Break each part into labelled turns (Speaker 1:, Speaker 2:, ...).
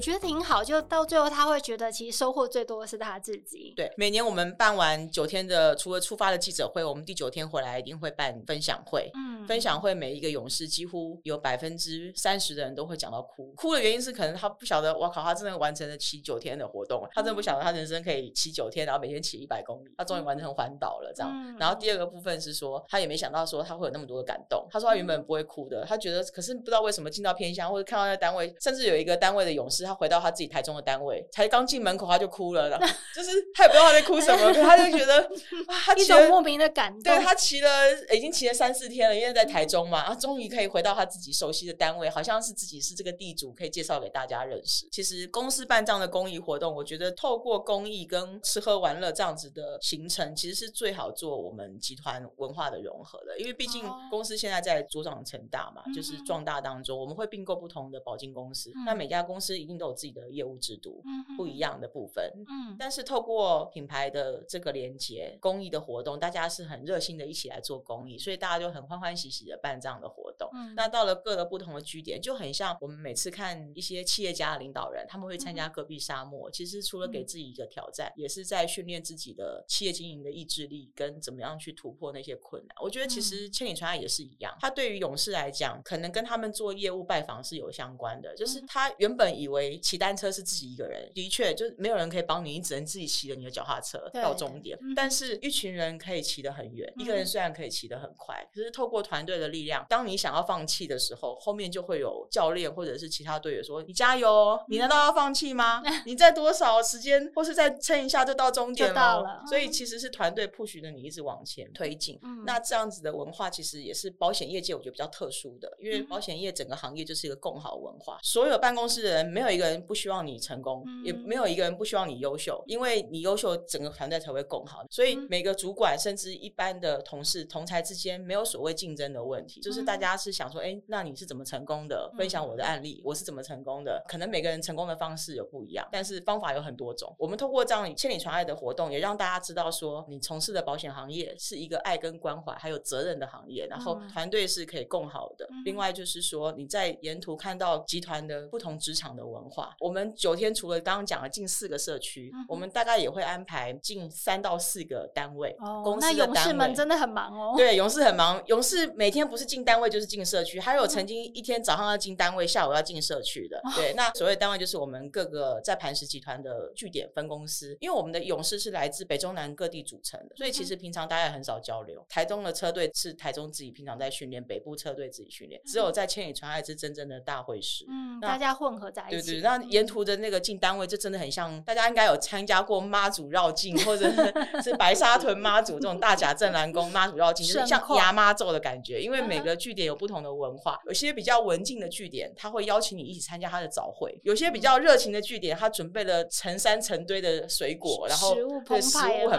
Speaker 1: 我覺得挺好，就到最後他會覺得其實收穫最多的是他自己。
Speaker 2: 對，每年我們辦完九天的，除了出發的記者會，我們第九天回來一定會辦分享會。嗯。分享會每一個勇士幾乎有百分之三十的人都會講到哭，哭的原因是可能他不曉得，哇靠，他真的完成了騎九天的活動，他真的不曉得他人生可以騎九天，然後每天騎一百公里，他終於完成環島了這樣。然後第二個部分是說，他也沒想到說他會有那麼多的感動。他說他原本不會哭的，他覺得可是不知道為什麼進到偏鄉或者看到那個單位，甚至有一個單位的勇士，他回到他自己台中的單位，才剛進門口他就哭了，然後就是他也不知道他在哭什麼，他就覺得哇，一種莫
Speaker 1: 名的感動。對他
Speaker 2: 騎了已經騎了三四天了，因為。在台中嘛，啊，終於可以回到他自己熟悉的單位，好像是自己是這個地主，可以介紹給大家認識。其實公司辦這樣的公益活動，我覺得透過公益跟吃喝玩樂這樣子的行程，其實是最好做我們集團文化的融合的，因為畢竟公司現在在茁壯成大嘛，就是壯大當中，我們會併購不同的保經公司，那每家公司一定都有自己的業務制度，不一樣的部分。嗯，但是透過品牌的這個連接，公益的活動，大家是很熱心的，一起來做公益，所以大家就很歡歡喜。細細的辦這樣的活動，嗯、那到了各個不同的據點，就很像我們每次看一些企業家的領導人，他們會參加戈壁沙漠。嗯、其實除了給自己一個挑戰，嗯、也是在訓練自己的企業經營的意志力跟怎麼樣去突破那些困難。嗯、我覺得其實千里傳愛也是一樣，他對於勇士來講，可能跟他們做業務拜訪是有相關的。嗯、就是他原本以為騎單車是自己一個人，的確就是沒有人可以幫你，你只能自己騎着你的腳踏車到終點。嗯、但是一群人可以騎得很遠，一個人雖然可以騎得很快，嗯、可是透過。團隊的力量。當你想要放棄的時候，後面就會有教練或者是其他隊員說：“你加油！你難道要放棄嗎？ 你再多少時間，或是再撐一下就到終點到了。”所以其實是團隊 push 的你一直往前推進。嗯、那這樣子的文化其實也是保險業界我覺得比較特殊的，因為保險業整個行業就是一個共好的文化，嗯、所有辦公室的人沒有一個人不希望你成功，嗯、也沒有一個人不希望你優秀，因為你優秀，整個團隊才會共好。所以每個主管甚至一般的同事同儕之間沒有所謂競爭。真的問題就是大家是想說，哎、欸，那你是怎麼成功的？分享我的案例，嗯、哼我是怎麼成功的？可能每個人成功的方式有不一樣，但是方法有很多種。我們通過這樣千里傳愛的活動，也讓大家知道說，你從事的保險行業是一個愛跟關懷還有責任的行業。然後團隊是可以共好的。嗯、哼另外就是說，你在沿途看到集團的不同職場的文化。我們九天除了剛剛講了近四個社區，嗯、哼我們大概也會安排近三到四個單位、哦、公司的單位，那勇士們
Speaker 1: 真的很忙哦。對，
Speaker 2: 勇士很忙，勇士。每天不是進單位就是進社區，還有曾經一天早上要進單位，下午要進社區的。對，那所謂單位就是我們各個在磐石集團的據點分公司，因為我們的勇士是來自北中南各地組成的，所以其實平常大家也很少交流。台中的車隊是台中自己平常在訓練，北部車隊自己訓練，只有在千里傳愛是真正的大會師，嗯，那大家
Speaker 1: 混合在一起。對，對對，那
Speaker 2: 沿途的那個進單位，就真的很像、嗯、大家應該有參加過媽祖繞境，或者是，是白沙屯媽祖 這種大甲鎮瀾宮媽祖繞境，就是像牙媽咒的感覺。因為每個據點有不同的文化，uh huh. 有些比較文靜的據點，他會邀請你一起參加他的早會；有些比較熱情的據點，他準備了成山成堆的水果，然後食物很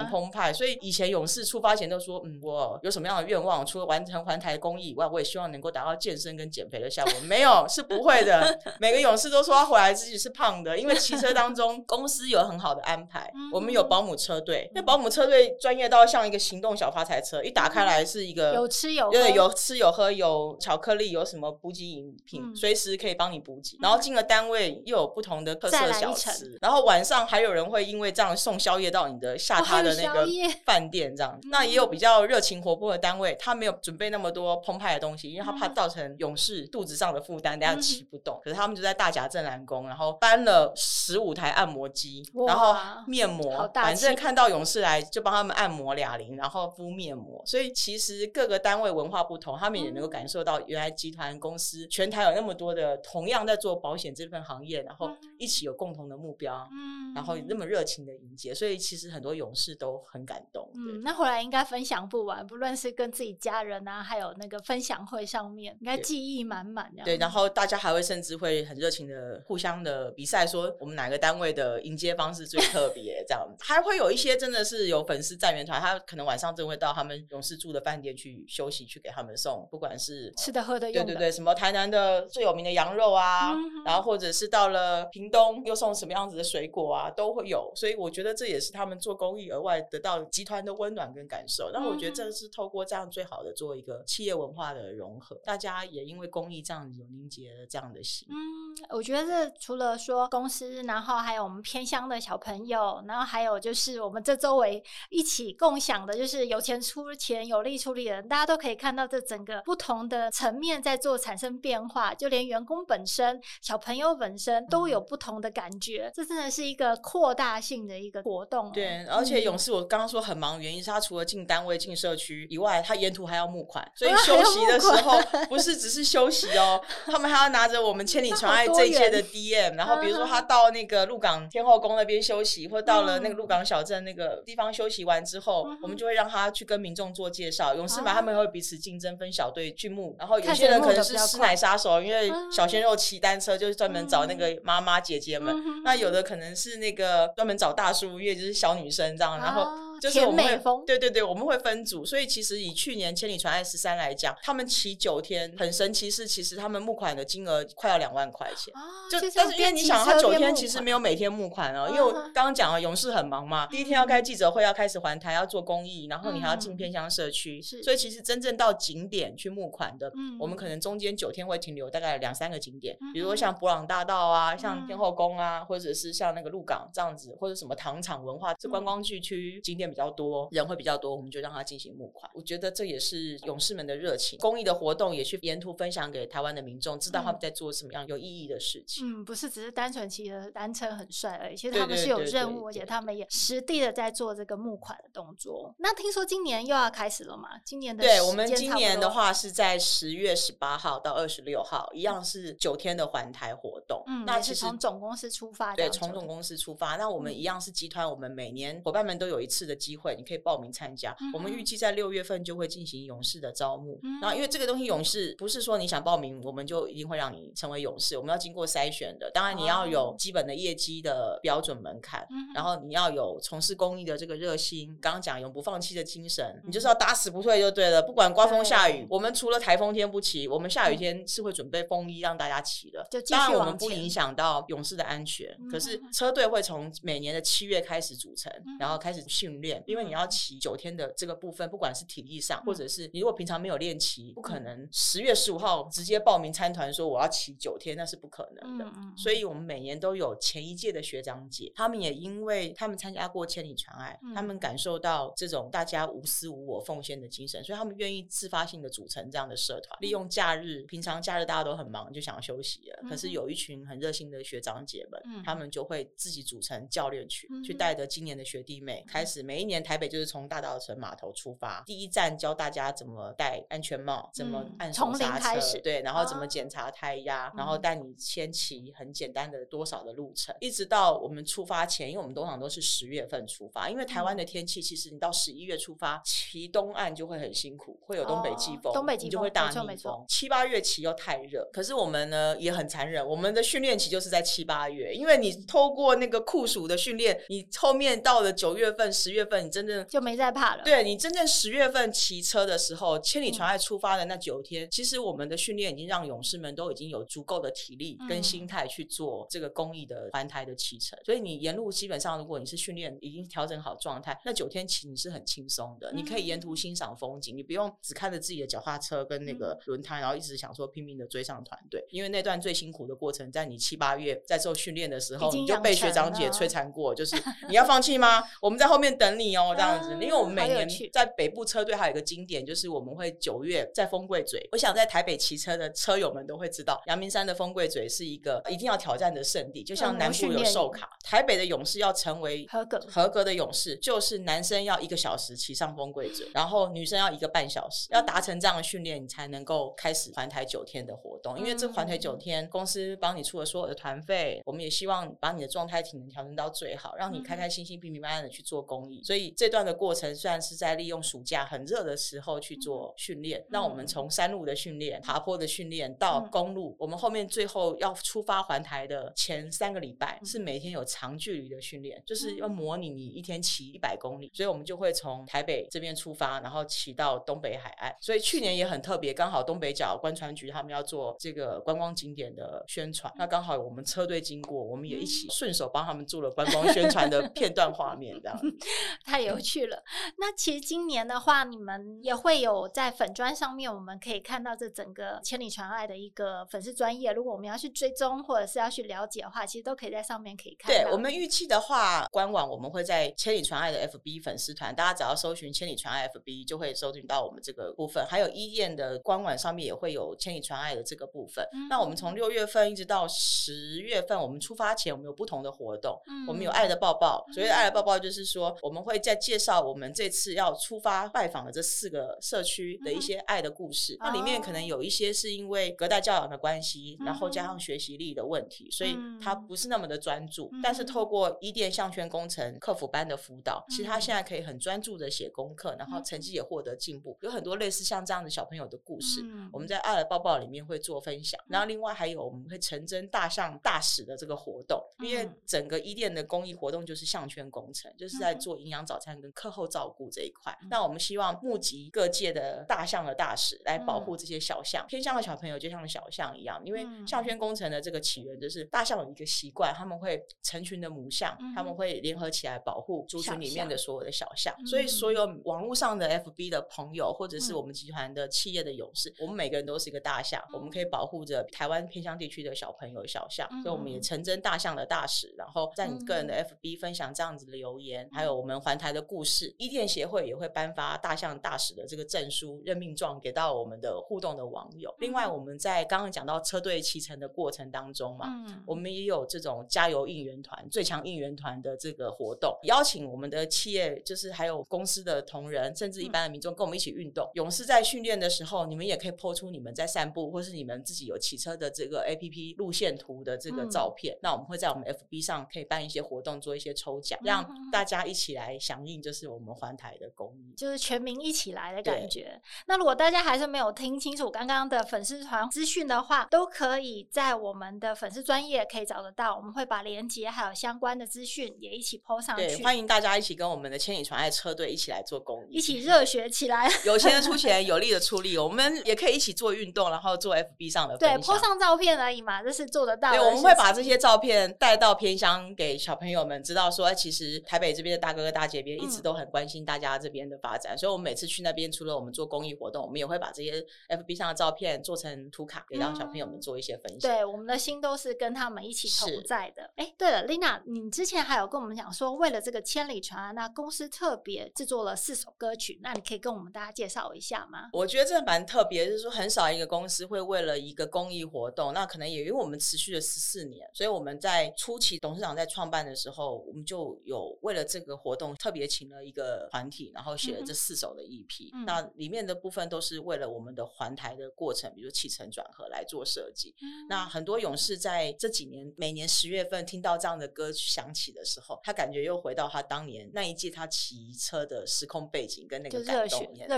Speaker 2: 澎湃。啊、所以以前勇士出發前都說：“嗯，我有什麼樣的願望？除了完成環台公益以外，我也希望能夠達到健身跟減肥的效果。” 沒有，是不會的。每個勇士都說他回來自己是胖的，因為騎車當中公司有很好的安排， 我們有保姆車隊，那、嗯、保姆車隊專業到像一個行動小發財車，嗯、一打開來是一個有吃
Speaker 1: 有喝。有吃
Speaker 2: 有喝有巧克力，有什麼補給飲品，隨、嗯、時可以幫你補給。然後進了單位、嗯、又有不同的特色小吃，然後晚上還有人會因為這樣送宵夜到你的下榻的那個飯店這樣。哦、那也有比較熱情活潑的單位，他沒有準備那麼多澎湃的東西，因為他怕造成勇士肚子上的負擔，等下騎不動。嗯嗯，可是他們就在大甲鎮瀾宮，然後搬了十五台按摩機，哇然後面膜，反正看到勇士來就幫他們按摩抓龍，然後敷面膜。所以其實各個單位文化不同，他們也能夠感受到，原來集團公司全台有那麼多的同樣在做保險這份行業，然後。一起有共同的目標，嗯，然後那麼熱情的迎接，所以其實很多勇士都很感動。嗯，
Speaker 1: 那回來應該分享不完，不論是跟自己家人啊，還有那個分享會上面，應該記憶滿滿。對，然
Speaker 2: 後大家還會甚至會很熱情的互相的比賽，說我們哪個單位的迎接方式最特別這樣。
Speaker 1: 還會有一些
Speaker 2: 真的是有粉絲站員團，他可能晚上真的會到他們勇士住的飯店去休息，去給他們送，不管是吃
Speaker 1: 的、喝的、用的，對對對，的的的
Speaker 2: 什麼台南的最有名的羊肉啊，嗯、哼然後或者是到了平東又送什麼樣子的水果啊，都會有，所以我覺得這也是他們做公益額外得到集團的溫暖跟感受。那我覺得這是透過這樣最好的做一個企業文化的融合，大家也因為公益這樣子有凝結了這樣的心。
Speaker 1: 嗯，我覺得這除了說公司，然後還有我們偏鄉的小朋友，然後還有就是我們這周圍一起共享的，就是有錢出錢，有力出力的人，大家都可以看到這整個不同的層面在做產生變化。就連員工本身、小朋友本身都有不。同的感覺，這真的是一個擴大性的一個活動，欸。對，而且勇
Speaker 2: 士我剛剛說很忙，原因是他除了進單位、進社區以外，他沿途還要募款，所以休息的時候不是只是休息哦、喔、啊、他們還要拿着我們千里傳愛這一屆的 DM，uh huh. 然後比如說他到那個鹿港天後宮那邊休息，或到了那個鹿港小鎮那個地方休息完之後，uh huh. 我們就會讓他去跟民眾做介紹。Uh huh. 勇士嘛，他們會彼此競爭分小隊去募，uh huh. 然後有些人可能是師奶殺手，因為小鮮肉騎單車就是專門找那個媽媽。姐姐們，那有的可能是那個專門找大叔，因為就是小女生這樣，然後、啊。就是我們會，對對對，我們會分組，所以其實以去年《千里傳愛十三》來講，他們騎九天很神奇，是其實他們募款的金額快要兩萬塊錢，就但是因為你想，他九天其實沒有每天募款哦、啊，因為剛剛講了，勇士很忙嘛，第一天要開記者會，要開始環台，要做公益，然後你還要進偏鄉社區，所以其實真正到景點去募款的，我們可能中間九天會停留大概兩三個景點，比如說像伯朗大道啊，像天後宮啊，或者是像那個鹿港這樣子，或者什麼糖廠文化這觀光聚區景點。比較多人會比較多，我們就讓他進行募款。我覺得這也是勇士們的熱情，公益的活動也去沿途分享給台灣的民眾，知道他們在做什麼樣有意義的事情。嗯，嗯，
Speaker 1: 不是只是單純騎的單車很帥而已，其實他們是有任務，而且他們也實地的在做這個募款的動作。那聽說今年又要開始了嗎？今年的。對，我們今年的話
Speaker 2: 是在十月十八號到二十六號，一樣是九天的環台活動。嗯，那其實是從總，
Speaker 1: 總公司出發？對，從
Speaker 2: 總公司出發。那我們一樣是集團，我們每年伙伴們都有一次的。機會，你可以報名參加。我們預計在六月份就會進行勇士的招募。然後，因為這個東西，勇士不是說你想報名我們就一定會讓你成為勇士，我們要經過篩選的。當然，你要有基本的業績的標準門檻，然後你要有從事公益的這個熱心。剛剛講永不放棄的精神，你就是要打死不退就對了。不管颳風下雨，對我們除了台風天不騎，我們下雨天是會準備風衣讓大家騎的。就當然，我們不影響到勇士的安全。可是車隊會從每年的七月開始組成，然後開始訓練。因為你要騎九天的這個部分，不管是體力上，或者是你如果平常沒有練騎，不可能十月十五號直接報名參團說我要騎九天，那是不可能的。所以，我們每年都有前一屆的學長姐，他們也因為他們參加過千里傳愛，他們感受到這種大家無私無我奉獻的精神，所以他們願意自發性的組成這樣的社團，利用假日，平常假日大家都很忙，就想休息了，可是有一群很熱心的學長姐們，他們就會自己組成教練群，去帶着今年的學弟妹開始。每一年台北就是從大稻埕碼頭出發，第一站教大家怎麼戴安全帽，怎麼按手剎車，嗯、對，然後怎麼檢查胎壓，啊、然後帶你先騎很簡單的多少的路程，嗯、一直到我們出發前，因為我們通常都是十月份出發，因為台灣的天氣其實你到十一月出發騎東岸就會很辛苦，會有東北季風，哦、東北季風就會打逆風。七八月騎又太熱，可是我們呢也很殘忍，我們的訓練期就是在七八月，因為你透過那個酷暑的訓練，你後面到了九月份、十月份。月份你真的就沒在怕了。對你真正十月份騎車的時候，千里傳愛出發的那九天，嗯、其實我們的訓練已經讓勇士們都已經有足夠的體力跟心態去做這個公益的環台的騎乘。嗯、所以你沿路基本上，如果你是訓練已經調整好狀態，那九天騎你是很輕鬆的。嗯、你可以沿途欣賞風景，你不用只看着自己的腳踏車跟那個輪胎，然後一直想說拼命的追上團隊。嗯、因為那段最辛苦的過程，在你七八月在做訓練的時候，你就被學長姐摧殘過，就是你要放棄嗎？ 我們在後面等。你哦，這樣子，因為我們每年在北部車隊還有一個經典，就是我們會九月在風櫃嘴。我想在台北騎車的車友們都會知道，陽明山的風櫃嘴是一個一定要挑戰的聖地。就像南部有壽卡，台北的勇士要成為合格、合格的勇士，就是男生要一個小時騎上風櫃嘴，然後女生要一個半小時，要達成這樣的訓練，你才能夠開始環台九天的活動。因為這環台九天公司幫你出了所有的團費，我們也希望把你的狀態體能調整到最好，讓你開開心心、平平安安的去做公益。所以這段的過程雖然是在利用暑假很熱的時候去做訓練，讓、嗯、我們從山路的訓練、爬坡的訓練到公路，嗯、我們後面最後要出發環台的前三個禮拜、嗯、是每天有長距離的訓練，嗯、就是要模擬你一天騎一百公里。所以我們就會從台北這邊出發，然後騎到東北海岸。所以去年也很特別，剛好東北角觀傳局他們要做這個觀光景點的宣傳，嗯、那剛好我們車隊經過，我們也一起順手幫他們做了觀光宣傳的片段畫面，這樣。
Speaker 1: 太有趣了。嗯、那其實今年的話，你們也會有在粉專上面，我們可以看到這整個《千里傳愛》的一個粉絲專頁。如果我們要去追蹤或者是要去了解的話，其實都可以在上面可以看到。對，我
Speaker 2: 們預期的話，官網我們會在《千里傳愛》的 FB 粉絲團，大家只要搜尋“千里傳愛 FB” 就會搜尋到我們這個部分。還有伊甸的官網上面也會有《千里傳愛》的這個部分。嗯、那我們從六月份一直到十月份，嗯、我們出發前我們有不同的活動。嗯、我們有愛的抱抱，所謂愛的抱抱就是說、嗯、我們。會再介紹我們這次要出發拜訪的這四個社區的一些愛的故事。Mm hmm. 那裡面可能有一些是因為隔代教養的關係，mm hmm. 然後加上學習力的問題，所以他不是那麼的專注。Mm hmm. 但是透過伊甸象圈工程、mm hmm. 課輔班的輔導，其實他現在可以很專注的寫功課，然後成績也獲得進步。有很多類似像這樣的小朋友的故事，mm hmm. 我們在愛的抱抱裡面會做分享。Mm hmm. 然後另外還有我們會成真大象大使的這個活動，mm hmm. 因為整個伊甸的公益活動就是象圈工程，就是在做營。營養早餐跟課後照顧這一塊，嗯、那我們希望募集各界的大象的大使來保護這些小象。嗯、偏鄉的小朋友就像小象一樣，因為象圈工程的這個起源就是大象有一個習慣，他們會成群的母象，嗯、他們會聯合起來保護族群裡面的所有的小象。小象，所以所有網絡上的 FB 的朋友，或者是我們集團的企業的勇士，嗯、我們每個人都是一個大象，嗯、我們可以保護着台灣偏鄉地區的小朋友、小象。嗯、所以我們也成真大象的大使，然後在你個人的 FB 分享這樣子的留言，嗯、還有我們。環台的故事，伊甸協會也會頒發大象大使的這個證書任命狀給到我們的互動的網友。嗯、另外，我們在剛剛講到車隊騎乘的過程當中嘛，嗯、我們也有這種加油應援團、最強應援團的這個活動，邀請我們的企業，就是還有公司的同仁，甚至一般的民眾，跟我們一起運動。嗯、勇士在訓練的時候，你們也可以拋出你們在散步，或是你們自己有騎車的這個 A P P 路線圖的這個照片。嗯、那我們會在我們 F B 上可以辦一些活動，做一些抽獎，讓大家一起來。來響應就是我們環台的公益，就
Speaker 1: 是全民一起來的感覺。對那如果大家還是沒有聽清楚剛剛的粉絲團資訊的話，都可以在我們的粉絲專頁可以找得到。我們會把連結還有相關的資訊也一起 po 上去。對，歡
Speaker 2: 迎大家一起跟我們的千里傳愛車隊一起來做公益，
Speaker 1: 一起熱血起來。
Speaker 2: 有錢的出錢， 有力的出力，我們也可以一起做運動，然後做 FB 上的對，po 上
Speaker 1: 照片而已嘛，這是做得到的。對，我們會把這些
Speaker 2: 照片帶到偏鄉，給小朋友們知道，說其實台北這邊的大哥。大街邊一直都很關心大家這邊的發展，嗯、所以，我們每次去那邊，除了我們做公益活動，我們也會把這些 F B 上的照片做成圖卡，給到小朋友們做一些分享。嗯、對，
Speaker 1: 我們的心都是跟他們一起同在的。哎是、欸，對了，Lina，你之前還有跟我們講說，為了這個千里傳愛，那公司特別制作了四首歌曲，那你可以跟我們大家介紹一下嗎？
Speaker 2: 我覺得這蠻特別，就是說，很少一個公司會為了一個公益活動，那可能也因為我們持續了十四年，所以我們在初期，董事長在創辦的時候，我們就有為了這個活。特別請了一個團體，然後寫了這四首的 EP、嗯哼。那裡面的部分都是為了我們的環台的過程，比如說起承轉合來做設計。嗯、哼那很多勇士在這幾年每年十月份聽到這樣的歌曲響起的時候，他感覺又回到他當年那一季他騎車的時空背景跟那個感動，對，還有那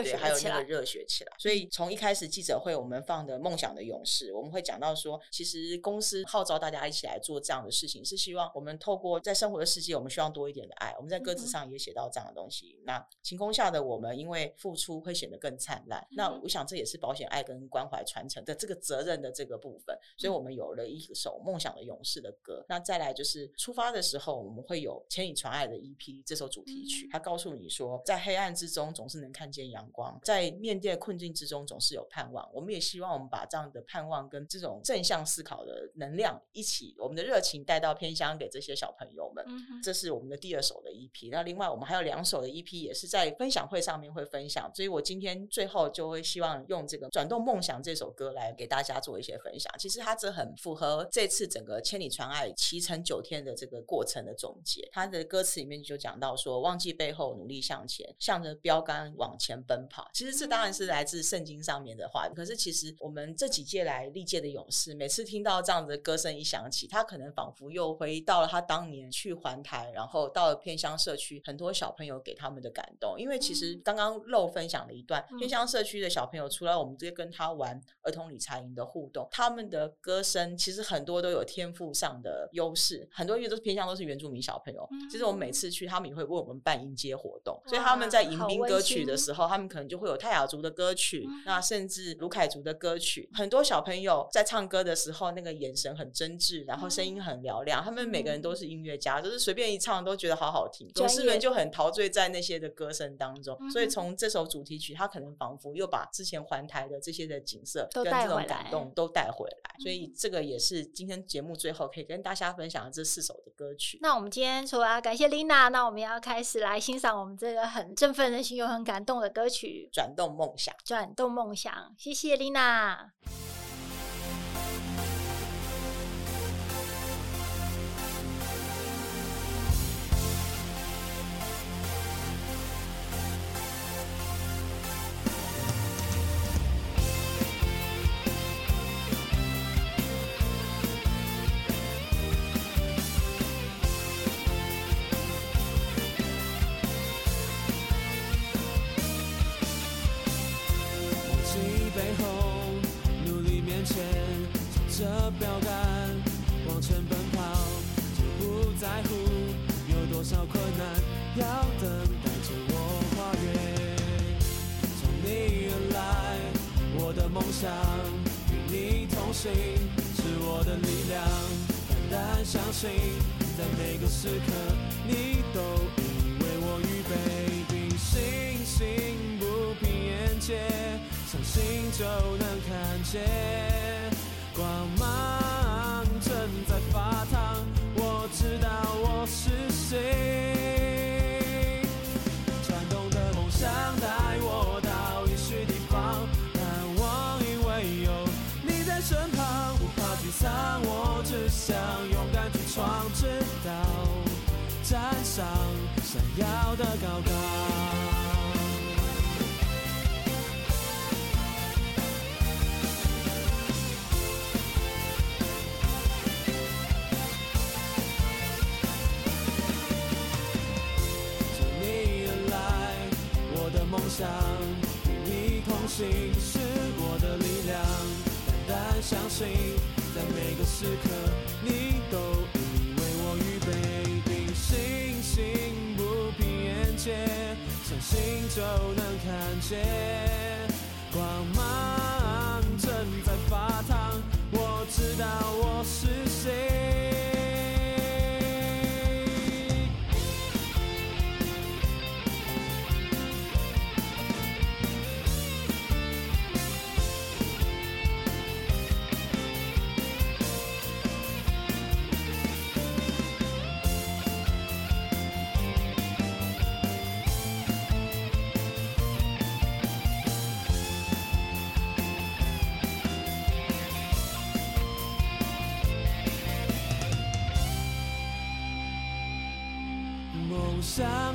Speaker 2: 個熱血起來。所以從一開始記者會我們放的《夢想的勇士》，我們會講到說，其實公司號召大家一起來做這樣的事情，是希望我們透過在生活的世界，我們希望多一點的愛。我們在歌詞。上也寫到這樣的東西。那晴空下的我們，因為付出會顯得更燦爛。那我想這也是保險愛跟關懷傳承的這個責任的這個部分。所以我們有了一首《夢想的勇士》的歌。那再來就是出發的時候，我們會有《千里傳愛》的 EP，這首主題曲，嗯、它告訴你說，在黑暗之中總是能看見陽光，在面對困境之中總是有盼望。我們也希望我們把這樣的盼望跟這種正向思考的能量一起，我們的熱情帶到偏鄉給這些小朋友們。嗯、哼這是我們的第二首的 EP。那另外，我們還有兩首的 EP 也是在分享會上面會分享，所以我今天最後就會希望用這個轉動夢想這首歌來給大家做一些分享。其實它這很符合這次整個千里傳愛、七成九天的這個過程的總結。它的歌詞裡面就講到說，忘記背後，努力向前，向着標杆往前奔跑。其實這當然是來自聖經上面的話，可是其實我們這幾屆來歷屆的勇士，每次聽到這樣的歌聲一響起，他可能仿佛又回到了他當年去環台，然後到了偏鄉社區。很多小朋友給他們的感動，因為其實剛剛漏分享了一段，偏鄉、嗯、社區的小朋友，除了我們直接跟他玩兒童理財營的互動，他們的歌聲其實很多都有天賦上的優勢，很多音樂都是偏鄉，都是原住民小朋友。嗯、其實我們每次去，他們也會為我們辦迎接活動，哇所以他們在迎賓歌曲的時候，他們可能就會有泰雅族的歌曲，嗯、那甚至魯凱族的歌曲。很多小朋友在唱歌的時候，那個眼神很真摯，然後聲音很嘹亮，嗯、他們每個人都是音樂家，嗯、就是隨便一唱都覺得好好聽，都是。人就很陶醉在那些的歌聲當中，嗯哼，所以從這首主題曲，他可能仿佛又把之前環台的這些的景色跟這種感動都帶回來。回來所以這個也是今天節目最後可以跟大家分享的這四首的歌曲。嗯、那
Speaker 1: 我們今天除了要感謝 Lina，那我們要開始來欣賞我們這個很振奮人心又很感動的歌曲《轉動夢想》，轉動夢想，謝謝 Lina。
Speaker 3: 標杆，往前奔跑，就不在乎有多少困難，要等待着我跨越。從你而來，我的夢想，與你同行是我的力量。坦然相信，在每個時刻，你都已為我預備。定睛信心，不憑眼界，相信就能看見。光芒正在發燙，我知道我是誰。轉動的夢想帶我到異許地方，但我因為有你在身旁，不怕沮喪，我只想勇敢去闖，直到站上閃耀的高崗。信是我的力量，單單相信，在每個時刻，你都已為我預備定。定星心不憑眼前，相信就能看見。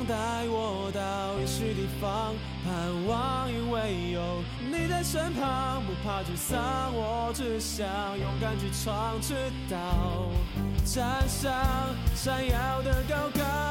Speaker 3: 帶我到也許地方，盼望因為有你在身旁，不怕沮喪，我只想勇敢去闖，直到站上閃耀的高崗。